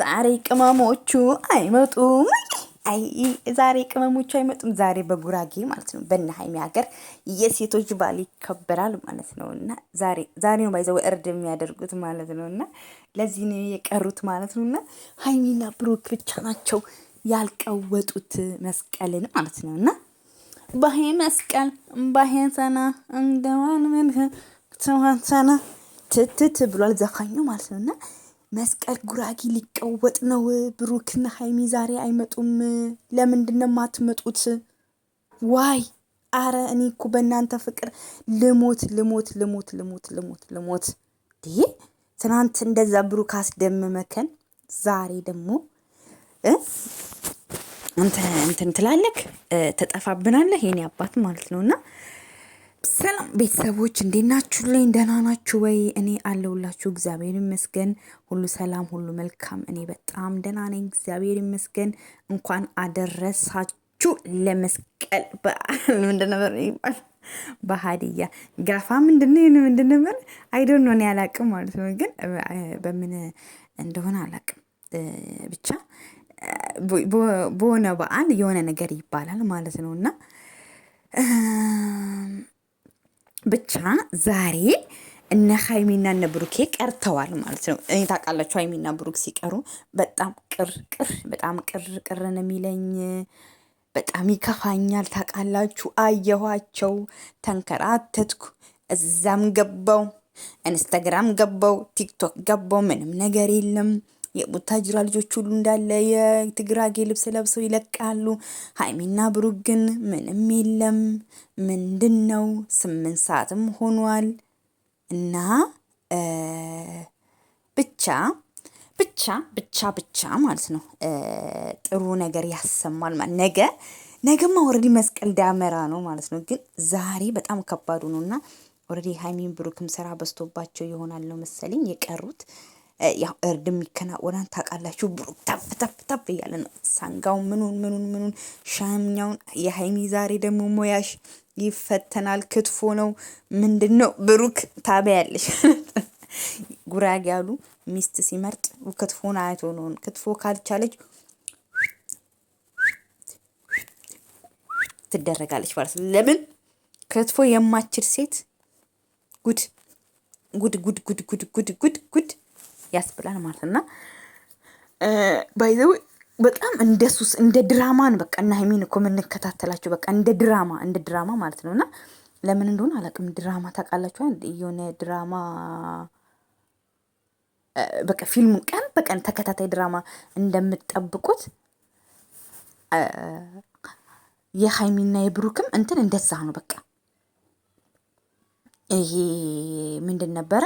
ዛሬ ቅመሞቹ አይመጡም። አይ ዛሬ ቅመሞቹ አይመጡም። ዛሬ በጉራጌ ማለት ነው በእነ ሀይሚ ሀገር የሴቶች ባል ይከበራል ማለት ነው። እና ዛሬ ዛሬ ነው ባይዘው እርድ የሚያደርጉት ማለት ነው። እና ለዚህ ነው የቀሩት ማለት ነው። እና ሀይሚና ብሩክ ብቻ ናቸው ያልቀወጡት መስቀልን ማለት ነው። እና ባሄ መስቀል ባሄ ሰና እንደዋን ምን ሰና ትትት ብሏል ዘፋኙ ማለት ነው እና መስቀል ጉራጌ ሊቀወጥ ነው። ብሩክና ሀይሚ ዛሬ አይመጡም። ለምንድን ነው የማትመጡት? ዋይ አረ እኔ እኮ በእናንተ ፍቅር ልሞት ልሞት ልሞት ልሞት ልሞት ልሞት። ትናንት እንደዛ ብሩክ አስደመመከን። ዛሬ ደግሞ እንትን ትላለክ፣ ትጠፋብናለህ የኔ አባት ማለት ነው እና ሰላም ቤተሰቦች እንዴት ናችሁልኝ? ደህና ናችሁ ወይ? እኔ አለሁላችሁ። እግዚአብሔር ይመስገን፣ ሁሉ ሰላም፣ ሁሉ መልካም። እኔ በጣም ደህና ነኝ፣ እግዚአብሔር ይመስገን። እንኳን አደረሳችሁ ለመስቀል በዓል። ምንድን ነበር ይባል በሀዲያ ጋፋ ምንድን ምንድን ነበር አይደን ነው አላውቅም ማለት ነው። ግን በምን እንደሆነ አላቅም። ብቻ በሆነ በዓል የሆነ ነገር ይባላል ማለት ነው እና ብቻ ዛሬ እነ ሀይሚና እነ ብሩኬ ቀርተዋል ማለት ነው። እኔ ታውቃላችሁ፣ ሀይሚና ብሩክ ሲቀሩ በጣም ቅር ቅር በጣም ቅር የሚለኝ በጣም ይከፋኛል። ታውቃላችሁ፣ አየኋቸው፣ ተንከራተትኩ፣ እዛም ገባው፣ ኢንስታግራም ገባው፣ ቲክቶክ ገባው፣ ምንም ነገር የለም። የቡታጅራ ልጆች ሁሉ እንዳለ የትግራጌ ልብስ ለብሰው ይለቃሉ። ሀይሚና ብሩክ ግን ምንም የለም። ምንድን ነው ስምንት ሰዓትም ሆኗል እና ብቻ ብቻ ብቻ ብቻ ማለት ነው ጥሩ ነገር ያሰማል። ማለት ነገ ነገማ ኦልሬዲ መስቀል ዳመራ ነው ማለት ነው። ግን ዛሬ በጣም ከባዱ ነው እና ኦልሬዲ ሀይሚን ብሩክም ስራ በዝቶባቸው ይሆናል ነው መሰለኝ የቀሩት ያው እርድ የሚከናወናን ታውቃላችሁ። ብሩክ ተፍ ተፍ ተፍ እያለ ነው። ሳንጋው ምኑን ምኑን ምኑን ሻምኛውን የሀይሚ ዛሬ ደግሞ ሞያሽ ይፈተናል። ክትፎ ነው ምንድን ነው? ብሩክ ታበያለሽ። ጉራጌ ያሉ ሚስት ሲመርጥ ክትፎን አይቶ ነውን? ክትፎ ካልቻለች ትደረጋለች ማለት ነው። ለምን ክትፎ የማችል ሴት ጉድ ጉድ ጉድ ጉድ ጉድ ጉድ ጉድ ያስብላል ማለት እና ባይዘው በጣም እንደ ሱስ እንደ ድራማን በቃ እና ሀይሚን እኮ የምንከታተላቸው በቃ እንደ ድራማ እንደ ድራማ ማለት ነው እና ለምን እንደሆነ አላውቅም። ድራማ ታውቃላችኋል የሆነ ድራማ በቃ ፊልሙን ቀን በቀን ተከታታይ ድራማ እንደምትጠብቁት የሀይሚና የብሩክም እንትን እንደዛ ነው። በቃ ይሄ ምንድን ነበረ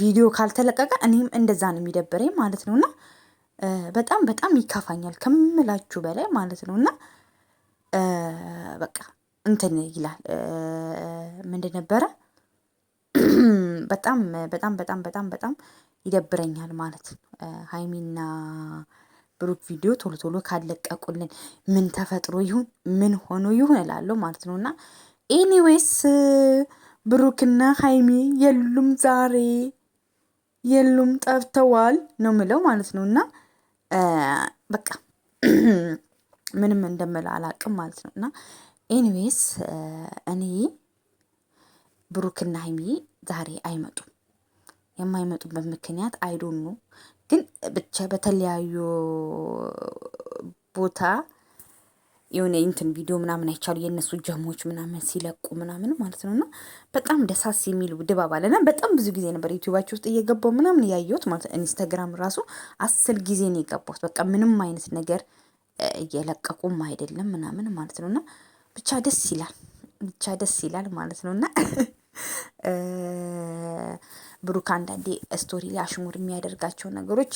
ቪዲዮ ካልተለቀቀ እኔም እንደዛ ነው የሚደብረኝ ማለት ነው። እና በጣም በጣም ይካፋኛል ከምላችሁ በላይ ማለት ነው። እና በቃ እንትን ይላል ምንድን ነበረ በጣም በጣም በጣም በጣም በጣም ይደብረኛል ማለት ነው። ሀይሚና ብሩክ ቪዲዮ ቶሎ ቶሎ ካለቀቁልን ምን ተፈጥሮ ይሁን ምን ሆኖ ይሁን እላለሁ ማለት ነው እና ኤኒዌይስ ብሩክና ሀይሚ የሉም ዛሬ። የሉም ጠፍተዋል ነው ምለው ማለት ነው። እና በቃ ምንም እንደምል አላቅም ማለት ነው። እና ኤኒዌይስ እኔ ብሩክና ሀይሚ ዛሬ አይመጡም። የማይመጡበት ምክንያት አይዶኑ ግን ብቻ በተለያዩ ቦታ የሆነ እንትን ቪዲዮ ምናምን አይቻሉ የእነሱ ጀሞች ምናምን ሲለቁ ምናምን ማለት ነው። እና በጣም ደሳስ የሚል ድባብ አለና በጣም ብዙ ጊዜ ነበር ዩቲዩባቸው ውስጥ እየገባው ምናምን ያየሁት ማለት ኢንስታግራም ራሱ አስር ጊዜ ነው የገባሁት። በቃ ምንም አይነት ነገር እየለቀቁም አይደለም ምናምን ማለት ነው። እና ብቻ ደስ ይላል፣ ብቻ ደስ ይላል ማለት ነው እና ብሩክ አንዳንዴ ስቶሪ ላይ አሽሙር የሚያደርጋቸው ነገሮች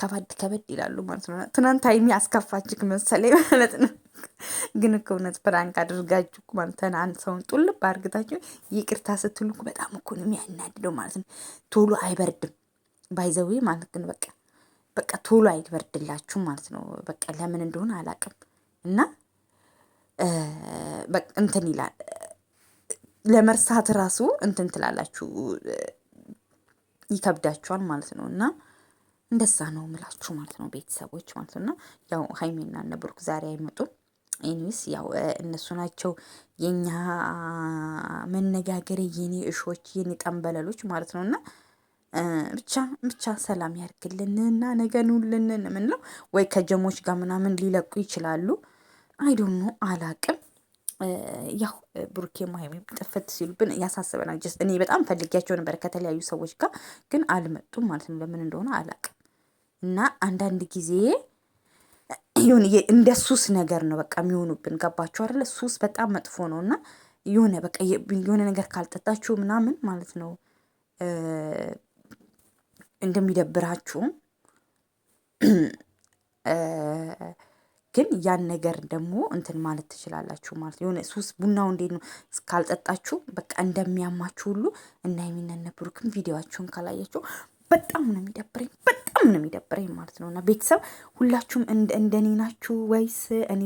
ከባድ ከበድ ይላሉ ማለት ነው። ትናንት ሀይሚ አስከፋችክ መሰለኝ ማለት ነው። ግን እኮ እውነት ፕራንክ አድርጋችሁ ማለት አንድ ሰውን ጡልብ አድርግታችሁ ይቅርታ ስትሉ በጣም እኮ ነው የሚያናድደው ማለት ነው። ቶሎ አይበርድም ባይዘዊ ማለት ግን በቃ በቃ ቶሎ አይበርድላችሁ ማለት ነው። በቃ ለምን እንደሆነ አላውቅም እና እንትን ይላል ለመርሳት ራሱ እንትን ትላላችሁ ይከብዳችኋል ማለት ነው እና እንደዛ ነው ምላችሁ ማለት ነው ቤተሰቦች ማለት ነው። ያው ሀይሜና እነ ብሩክ ዛሬ አይመጡም። ኤኒስ ያው እነሱ ናቸው የኛ መነጋገር የኔ እሾች የኔ ጠንበለሎች ማለት ነው እና ብቻ ብቻ ሰላም ያርግልንና ነገ ንውልንን የምንለው ወይ ከጀሞች ጋር ምናምን ሊለቁ ይችላሉ። አይዶኖ አላቅም። ያው ብሩኬ ማይም ጥፍት ሲሉብን ያሳስበናል። ጀስት እኔ በጣም ፈልጊያቸው ነበር ከተለያዩ ሰዎች ጋር ግን አልመጡም ማለት ነው። ለምን እንደሆነ አላቅም እና አንዳንድ ጊዜ ይሁን እንደ ሱስ ነገር ነው በቃ የሚሆኑብን። ገባችሁ አይደለ? ሱስ በጣም መጥፎ ነው እና የሆነ በቃ የሆነ ነገር ካልጠጣችሁ ምናምን ማለት ነው እንደሚደብራችሁ ግን ያን ነገር ደግሞ እንትን ማለት ትችላላችሁ ማለት የሆነ ሱስ ቡናው እንዴት ነው ካልጠጣችሁ በቃ እንደሚያማችሁ ሁሉ እና የሚነነብሩክም ቪዲዮቸውን ካላያችሁ በጣም ነው የሚደብረኝ፣ በጣም ነው የሚደብረኝ ማለት ነው። እና ቤተሰብ ሁላችሁም እንደኔ ናችሁ ወይስ እኔ